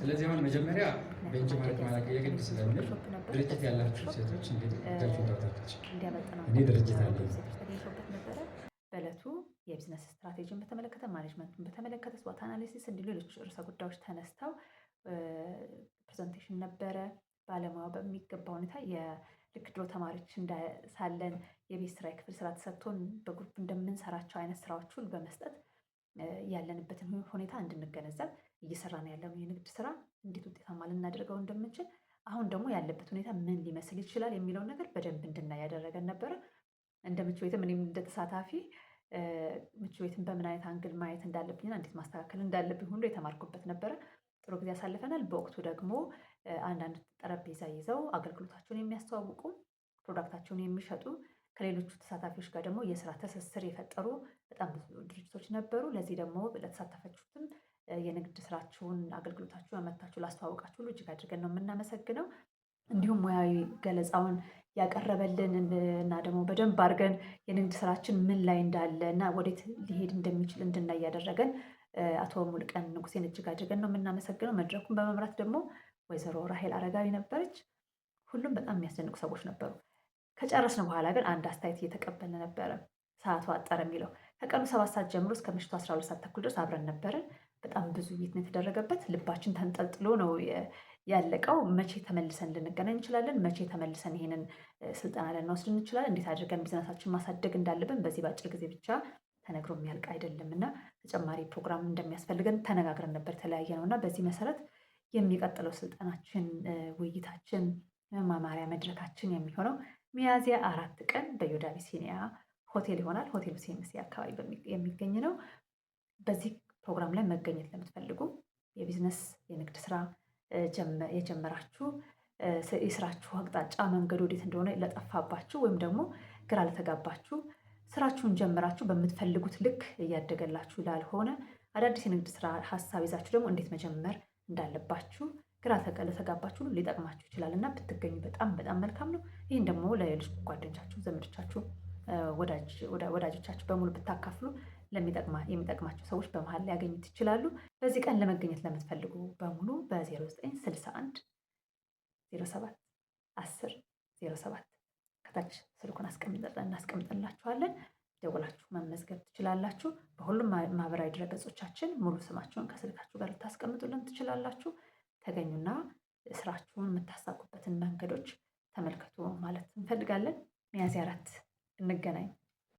ስለዚህ አሁን መጀመሪያ ቤንች ማርክ ማድረግ የግድ ስለሚል ድርጅት ያላችሁ ሴቶች እኔ ድርጅት አለ በእለቱ የቢዝነስ ስትራቴጂን በተመለከተ ማኔጅመንትን በተመለከተ ስዋት አናሊሲስ፣ እንዲ ሌሎች ርዕሰ ጉዳዮች ተነስተው ፕሬዘንቴሽን ነበረ። ባለሙያው በሚገባ ሁኔታ የልክ ድሮ ተማሪዎች እንዳሳለን የቤት ስራ የክፍል ስራ ተሰጥቶን በግሩፕ እንደምንሰራቸው አይነት ስራዎችን በመስጠት ያለንበትን ሁኔታ እንድንገነዘብ እየሰራን ያለውን የንግድ ስራ እንዴት ውጤታማ ልናደርገው እንደምንችል አሁን ደግሞ ያለበት ሁኔታ ምን ሊመስል ይችላል የሚለውን ነገር በደንብ እንድናይ ያደረገን ነበረ። እንደ ምቹ ቤትም እኔም እንደ ተሳታፊ ምቹ ቤትን በምን አይነት አንግል ማየት እንዳለብኝና እንዴት ማስተካከል እንዳለብኝ ሁሉ የተማርኩበት ነበረ። ጥሩ ጊዜ ያሳልፈናል። በወቅቱ ደግሞ አንዳንድ ጠረጴዛ ይዘው አገልግሎታቸውን የሚያስተዋውቁ ፕሮዳክታቸውን የሚሸጡ ከሌሎቹ ተሳታፊዎች ጋር ደግሞ የስራ ትስስር የፈጠሩ በጣም ብዙ ድርጅቶች ነበሩ። ለዚህ ደግሞ ለተሳተፈችሁትም የንግድ ስራችሁን፣ አገልግሎታችሁን አመታችሁ ላስተዋወቃችሁ ሁሉ እጅግ አድርገን ነው የምናመሰግነው። እንዲሁም ሙያዊ ገለጻውን ያቀረበልን እና ደግሞ በደንብ አድርገን የንግድ ስራችን ምን ላይ እንዳለ እና ወዴት ሊሄድ እንደሚችል እንድናይ ያደረገን አቶ ሙልቀን ንጉሴን እጅግ አድርገን ነው የምናመሰግነው። መድረኩን በመምራት ደግሞ ወይዘሮ ራሄል አረጋዊ ነበረች። ሁሉም በጣም የሚያስደንቁ ሰዎች ነበሩ። ከጨረስን በኋላ ግን አንድ አስተያየት እየተቀበልን ነበረ። ሰዓቱ አጠረ የሚለው ከቀኑ ሰባት ሰዓት ጀምሮ እስከ ምሽቱ አስራ ሁለት ሰዓት ተኩል ድረስ አብረን ነበርን። በጣም ብዙ ውይይት ነው የተደረገበት። ልባችን ተንጠልጥሎ ነው ያለቀው። መቼ ተመልሰን ልንገናኝ እንችላለን? መቼ ተመልሰን ይሄንን ስልጠና ልንወስድ እንችላለን? እንዴት አድርገን ቢዝነሳችን ማሳደግ እንዳለብን በዚህ በአጭር ጊዜ ብቻ ተነግሮ የሚያልቅ አይደለም እና ተጨማሪ ፕሮግራም እንደሚያስፈልገን ተነጋግረን ነበር። የተለያየ ነው እና በዚህ መሰረት የሚቀጥለው ስልጠናችን፣ ውይይታችን፣ ማማሪያ መድረካችን የሚሆነው ሚያዝያ አራት ቀን በዮዳ አቢሲኒያ ሆቴል ይሆናል። ሆቴል ሲኤምሲ አካባቢ የሚገኝ ነው። በዚህ ፕሮግራም ላይ መገኘት ለምትፈልጉ የቢዝነስ የንግድ ስራ የጀመራችሁ የስራችሁ አቅጣጫ መንገድ ወዴት እንደሆነ ለጠፋባችሁ ወይም ደግሞ ግራ ለተጋባችሁ ስራችሁን ጀምራችሁ በምትፈልጉት ልክ እያደገላችሁ ላልሆነ አዳዲስ የንግድ ስራ ሀሳብ ይዛችሁ ደግሞ እንዴት መጀመር እንዳለባችሁ ግራ ተጋባችሁ ሁሉ ሊጠቅማችሁ ይችላል እና ብትገኙ በጣም በጣም መልካም ነው። ይህን ደግሞ ለሌሎች ጓደኞቻችሁ፣ ዘመዶቻችሁ፣ ወዳጆቻችሁ በሙሉ ብታካፍሉ የሚጠቅማቸው ሰዎች በመሀል ሊያገኙት ይችላሉ። በዚህ ቀን ለመገኘት ለምትፈልጉ በሙሉ በ0961 07 10 07 ከታች ስልኩን እናስቀምጠላችኋለን። ደውላችሁ መመዝገብ ትችላላችሁ። በሁሉም ማህበራዊ ድረገጾቻችን ሙሉ ስማችሁን ከስልካችሁ ጋር ልታስቀምጡልን ትችላላችሁ። ተገኙና ስራችሁን የምታሳኩበትን መንገዶች ተመልከቱ ማለት እንፈልጋለን። ሚያዝያ አራት እንገናኝ።